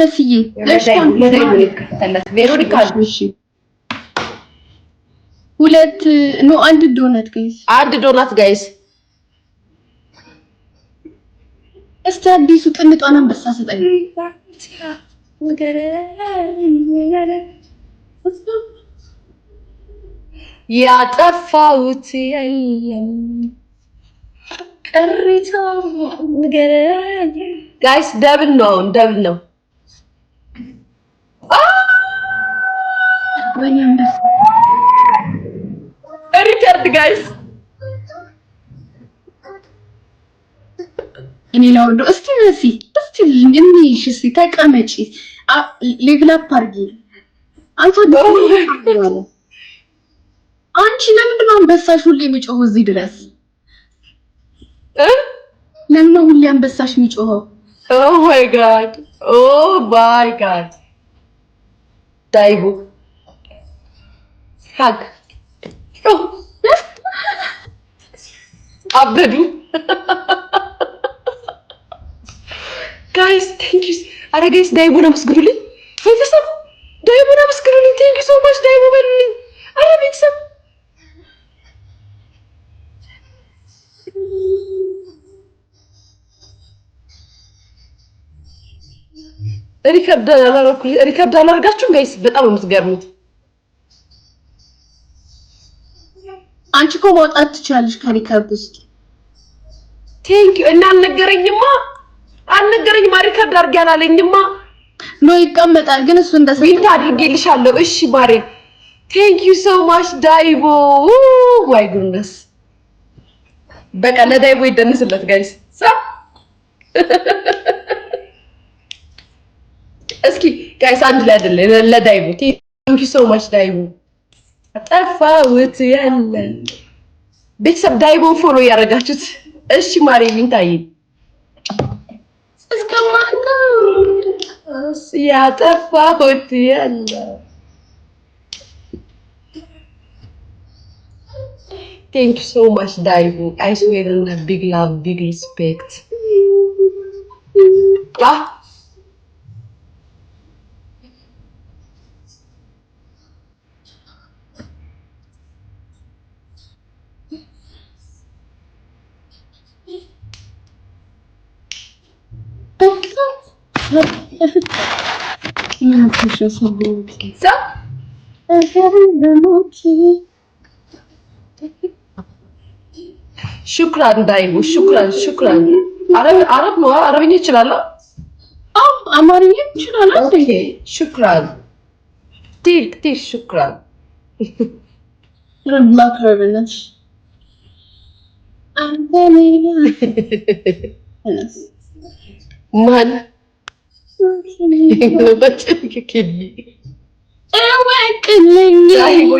መስዬ መስዬ ሁለት ኖ አንድ ዶናት ጋይስ፣ አንድ ዶናት ጋይስ። እስቲ አዲሱ አንበሳ ሰጠኝ። ያጠፋሁት የለም ጋይስ፣ ደብል ነው፣ ደብል ነው። ሪቻርድ ጋይስ እኔ ላውዶ እስቲ ነሲ እስቲ እንይሽ እስቲ ተቀመጪ፣ ሌቭላፕ አድርጊ። አንቺ ለምንድን ነው አንበሳሽ ሁሌ የሚጮኸው እዚህ ድረስ? ለምን ነው ሁሌ አንበሳሽ የሚጮኸው? ኦ ማይ ጋድ ኦ ማይ ጋድ তাই হোক থাক আপনারই guys, thank you. Are you guys there when I was grueling? ሪከርድ አላደርጋችሁም ጋይስ? በጣም የምትገርሙት። አንቺ እኮ መውጣት ትችላለሽ ከሪከርድ ውስጥ። ቴንክ ዩ እና አልነገረኝማ፣ አልነገረኝማ። ሪከርድ አድርጌ አላለኝማ። ኖ ይቀመጣል፣ ግን እሱ እንደሰ አድርጌልሻለሁ። እሺ ማሬ፣ ቴንክ ዩ ሶ ማች ዳይቦ። ጉድነስ በቃ ለዳይቦ ይደንስለት ጋይስ ሳ እስኪ ጋይስ አንድ ላይ አይደለ ለዳይቡ ቴንክ ዩ ሶ ማች ዳይቡ አጠፋውት ያለ ቤተሰብ ዳይቦን ፎሎ እያደረጋችሁት እሺ ማሪ ሚንታይ እስከማና ያጠፋሁት ያለ ቴንክ ዩ ሶ ማች ዳይቡ አይ ስዌር ቢግ ላቭ ቢግ ሪስፔክት Я хочу собаки. Все? Şükran dayı bu. Şükran, şükran. Arap, Arap mı? Arabi ne çırala? Ah, Amariye mi çırala? Okey, şükran. Değil, değil şükran. Şükran black herbalist. I'm telling you. Man.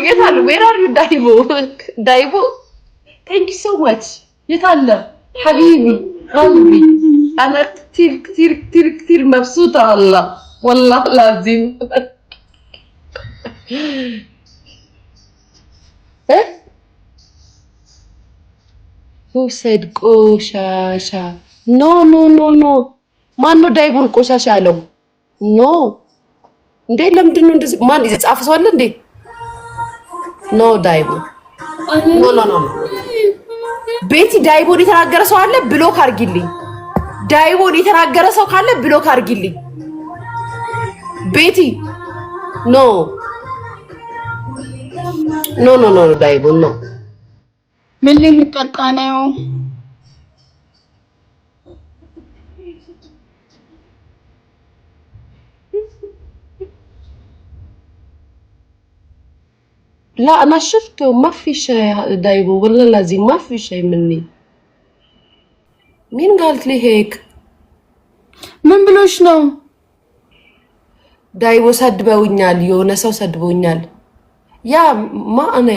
የት አሉ? ዌር አር ዩ ዳይቦ ዳይቦ ታንክ ዩ ሶ ማች። የት አለ ሐቢቢ ቀልቢ አነ ክቲር ክቲር ክቲር ክቲር መብሱጣ አላ ወላሂ ላዚም ውሰድ ቆሻሻ ኖ ኖ ኖ ኖ ማነው ዳይቡን ቆሻሻ ያለው? ኖ እንዴ! ለምንድን ነው እንደዚህ? ማን ጻፈ ሰው አለ እንዴ? ኖ ዳይቡ ኖ ኖ ኖ ቤቲ ዳይቦን የተናገረ ሰው አለ ብሎክ አርጊልኝ። ዳይቦን የተናገረ ሰው ካለ ብሎክ አርጊልኝ። ቤቲ ኖ ኖ ኖ ኖ ዳይቦን ኖ ምን ሊቀጣ ነው? لا انا شفته ما في شاي دايبه والله لازم ما في شاي مني مين قالت لي هيك ምን ብሎሽ ነው ዳይቦ ሰድበውኛል የሆነ ሰው ሰድበውኛል ያ ማ እኔ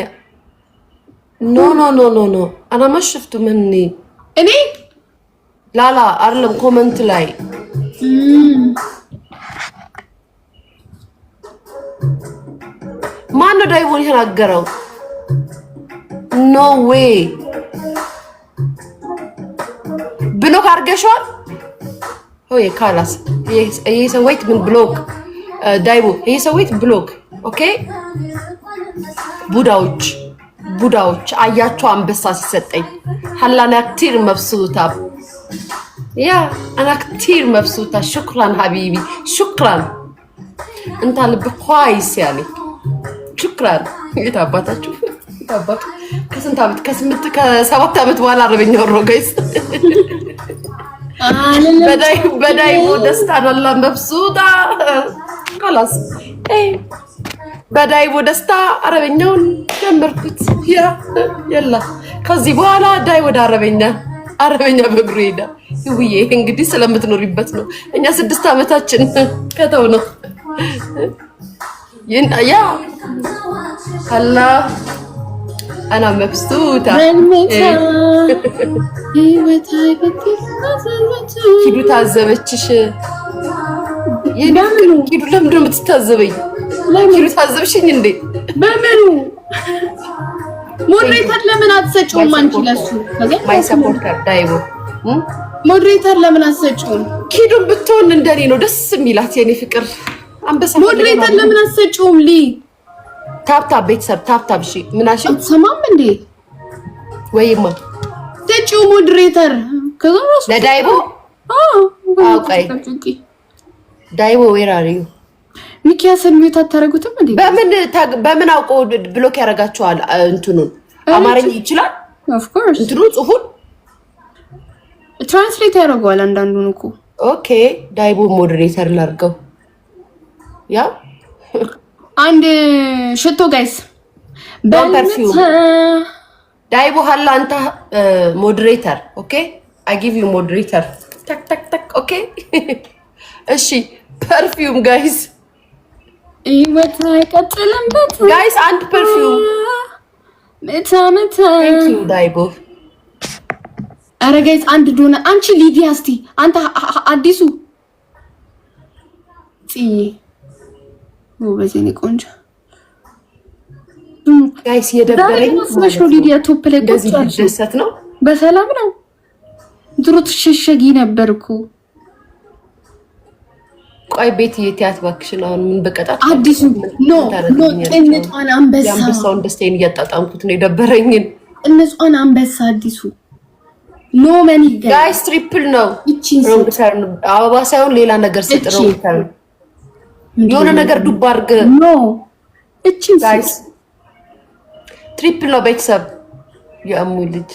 ኖ ኖ ኖ ኖ ኖ አና መሽፍቱ ምኒ እኔ ላላ አይደለም ኮመንት ላይ ማን ነው ዳይቦን የተናገረው? ኖ ዌይ ብሎክ አድርገሽዋል። ሆይ ካላስ ይሄ ሰውዬት ምን ብሎክ ዳይቦ ይሄ ሰውዬት ብሎክ። ኦኬ ቡዳዎች ቡዳዎች አያችሁ፣ አንበሳ ሲሰጠኝ ሀላን አክቲር መብሱታ ያ አናክቲር መብሱታ ሹክራን ሀቢቢ ሹክራን እንታልብ ኳይስ ያለኝ ችኩራን የት አባታችሁ አባቱ ከስንት ዓመት ከስምንት ከሰባት ዓመት በኋላ አረበኛ ወሮ ጋይስ በዳይቦ ደስታ ነላ መብሱጣ ካላስ በዳይቦ ደስታ አረበኛውን ጀመርኩት። ያ የላ ከዚህ በኋላ ዳይ ወደ አረበኛ አረበኛ በእግሩ ሄዳ ይውዬ እንግዲህ ስለምትኖሪበት ነው። እኛ ስድስት ዓመታችን ከተው ነው ያ አላ አና መብስቱታ ኪዱ ታዘበችሽ። ኪዱ ለምንድን ነው የምትታዘበኝ? ኪዱ ታዘብሽኝ እንዴ? በምኑ ሞዴሬተር ለምን አትሰጪውም? አንቺ ለሱ ማይ ሰፖርተር ዳይቦ ሞዴሬተር ለምን አትሰጪውም? ኪዱን ብትሆን እንደኔ ነው ደስ የሚላት የኔ ፍቅር አንበሳ ሞዴሬተር ለምን አትሰጪውም? ሊ ታብታብ ቤተሰብ ታብታብ። እሺ ምን አትሰማም እንዴ? ወይማ ለዳይቦ ዳይቦ ዌር አር ዩ ሚዩት እንዴ? በምን በምን አውቆ ብሎክ ያደርጋቸዋል? እንትኑን አማርኛ ይችላል ኦፍኮርስ እንትኑ ጽሁፉን ትራንስሌት ያደርገዋል። አንዳንዱን እኮ ኦኬ ዳይቦ ያ አንድ ሽቶ ጋይስ ዳይ በኋላ አንተ ሞዴሬተር ኦኬ አይ ጊቭ ዩ ሞዴሬተር ታክ ታክ ታክ ኦኬ እሺ ፐርፊውም ጋይስ ይወት አይቀጥልም ጋይስ አንድ ፐርፊውም መታ መታ ቴንክ ዩ ጋይስ አንድ ዶና አንቺ ሊዲያ እስቲ አንተ አዲሱ ጽዬ ጎበዝ የእኔ ቆንጆ ጋይስ የደበረኝ ነው። ሊዲያ ቶፕ ላይ ቁጭ አልሽሰት ነው። በሰላም ነው። ድሮ ትሸሸጊ ነበርኩ። ቆይ ቤት የትያት እባክሽን። አሁን ምን በቀጣት አዲሱ ኖ ኖ ቅንጧን አንበሳ አንበሳውን ደስታዬን እያጣጣምኩት ነው የደበረኝን ቅንጧን አንበሳ አዲሱ ኖ መኒ ጋይስ ትሪፕል ነው። እቺ አበባ ሳይሆን ሌላ ነገር ሰጥ ነው የሆነ ነገር ዱብ አድርግ ኖ ጋይስ ትሪፕል ነው ቤተሰብ የእሙ ልጅ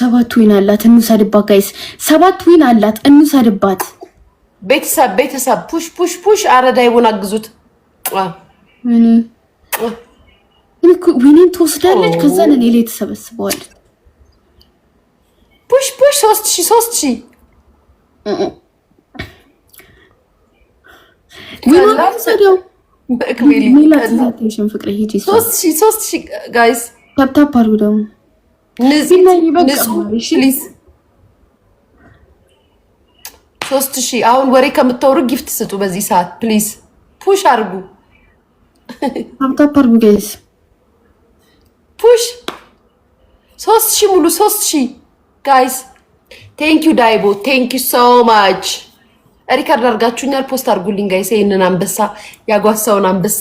ሰባት ዊን አላት። እንውሰድባት ጋይስ፣ ሰባት ዊን አላት። እንውሰድባት ቤተሰብ ቤተሰብ ፑሽ ፑሽ ፑሽ። አረዳ ዳይቦን አግዙት። ዊኔን ትወስዳለች፣ ከዛ ነን ላይ የተሰበስበዋል። ፑሽ ፑሽ ሶስት ሺ ሶስት ሺ ሶስት ሺህ አሁን ወሬ ከምታወሩ ጊፍት ስጡ። በዚህ ሰዓት ፕሊዝ ፑሽ አርጉ። ታፕታፕ አርጉ ጋይስ ፑሽ። ሶስት ሺህ ሙሉ ሶስት ሺህ ጋይስ። ቴንኪዩ ዳይቦ ቴንኪዩ ሶ ማች ሪከርድ አድርጋችሁኛል። ፖስት አድርጉልኝ ጋይስ፣ ይህንን አንበሳ ያጓሳውን አንበሳ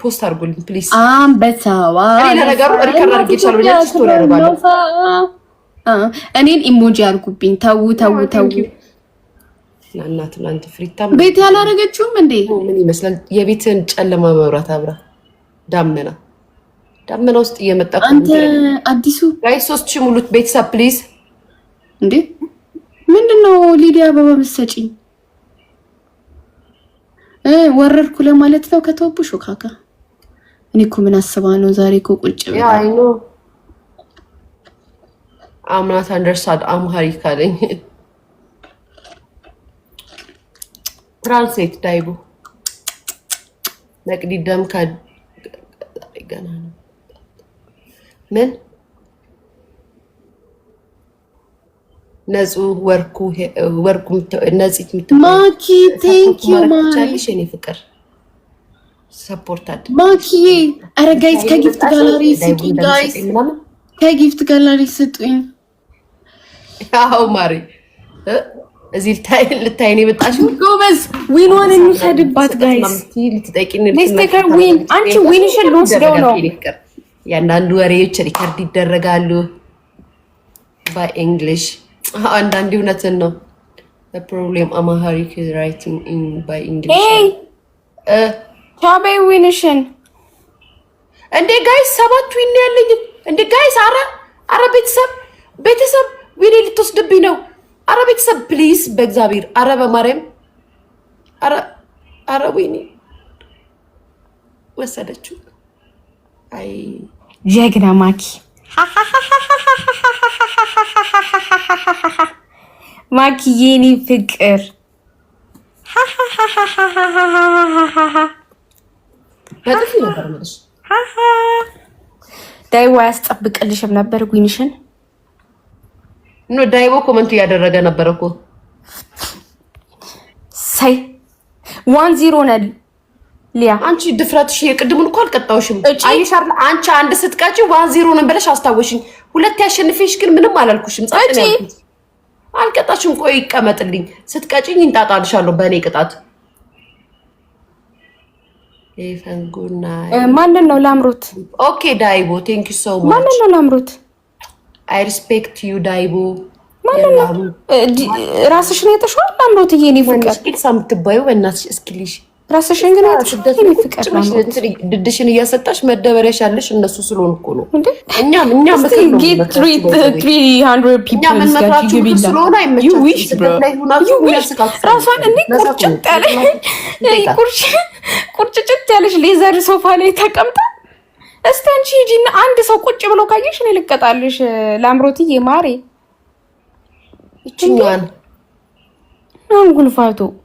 ፖስት አድርጉልኝ ፕሊዝ። አንበሳዋ ለነገሩ ሪከርድ አድርጌቻለሁ ብኛ ስቶሪ ያደርጋለሁ። እኔን ኢሞጂ አድርጉብኝ። ተዉ ተዉ ተዉ። እናቱ ለአንተ ፍሪታ ቤት ያላረገችውም እንዴ ምን ይመስላል? የቤትን ጨለማ መብራት አብራ ዳመና ዳመና ውስጥ እየመጣ አንተ አዲሱ ጋይስ ሶስት ሺህ ሙሉት ቤተሰብ ፕሊዝ እንዴ ምንድን ነው ሊዲያ አበባ መሰጪኝ ወረድኩ ለማለት ነው ከተወቡሽ ካካ እኔ እኮ ምን አስባ ነው ዛሬ እኮ ቁጭ ብላ አምናት አንደርስታንድ አምሃሪክ አለኝ ትራንስሌት ዳይቦ ነቅዲደም ደም ገና ነው ምን ነጹ ወርኩ ነጽት ማኪ ቴንክ ዩ እኔ ፍቅር ሰፖርታድ ማኪዬ። አረ ጋይስ ከጊፍት ጋላሪ ጋይስ ከጊፍት ጋላሪ ስጡኝ። አዎ ማሪ እዚህ ልታይ ነው ጎበዝ ጋይስ። ዊን አንቺ ዊንሽን ልወስደው ነው። ወሬዎች ሪከርድ ይደረጋሉ አንዳንድ እውነትን ነው። ፕሮብሌም አማሃሪክ ራይቲንግ ባይ እንግሊሽ ቻቤ ዊንሽን እንዴ ጋይስ፣ ሰባት ዊን ያለኝ እንዴ ጋይስ። አረ አረ ቤተሰብ ቤተሰብ ዊኔ ልትወስድብኝ ነው። አረ ቤተሰብ ፕሊዝ፣ በእግዚአብሔር አረ በማርያም አረ አረ ዊኔ ወሰደችው። አይ ጀግና ማኪ ማኪ ፍቅር ዳይቦ አያስጠብቅልሽም ነበር ጉንሽን? ዳይቦ ኮመንት እያደረገ ነበር እኮ ሳይ ዋን ዚሮ ነን ሊያ አንቺ ድፍረትሽ የቅድሙን እኮ አልቀጣውሽም። አይሻር አንቺ አንድ ስትቀጪ ዋን ዜሮ ነው ብለሽ አስታወሽኝ። ሁለት ያሸንፈሽ ግን ምንም አላልኩሽም። ጻጥኔ አልቀጣሽም። ቆይ ይቀመጥልኝ። ስትቀጪኝ እንጣጣልሻለሁ በእኔ ቅጣት። ይፈንጉና ማንን ነው ላምሮት? ኦኬ ዳይቦ ቴንክ ዩ ሶ ማች። ማንን ነው ላምሮት? አይ ሪስፔክት ዩ ዳይቦ። ማንን ነው ራስሽን የተሻለ ላምሮት? ይሄኔ ፍቅር እስኪ ሳምትባዩ በእናትሽ እስኪልሽ ራስሽን ግን ድድሽን እያሰጣሽ መደበሪያሽ ያለሽ እነሱ ስለሆኑ እኮ ነው። ቁርጭጭት ያለሽ ሌዘር ሶፋ ላይ ተቀምጣ እስቲ አንቺ ሂጂና አንድ ሰው ቁጭ ብሎ ካየሽ እኔ ልቀጣልሽ። ለአምሮትዬ ማሬ ይችኛዋን አሁን